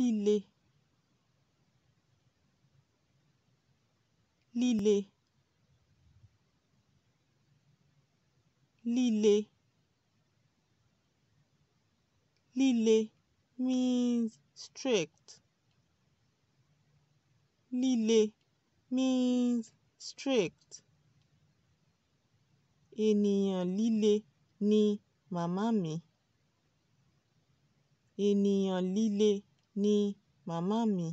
líle líle líle líle means strict. líle means strength ènìyàn líle ni màmá mi ènìyàn líle ni màmá mi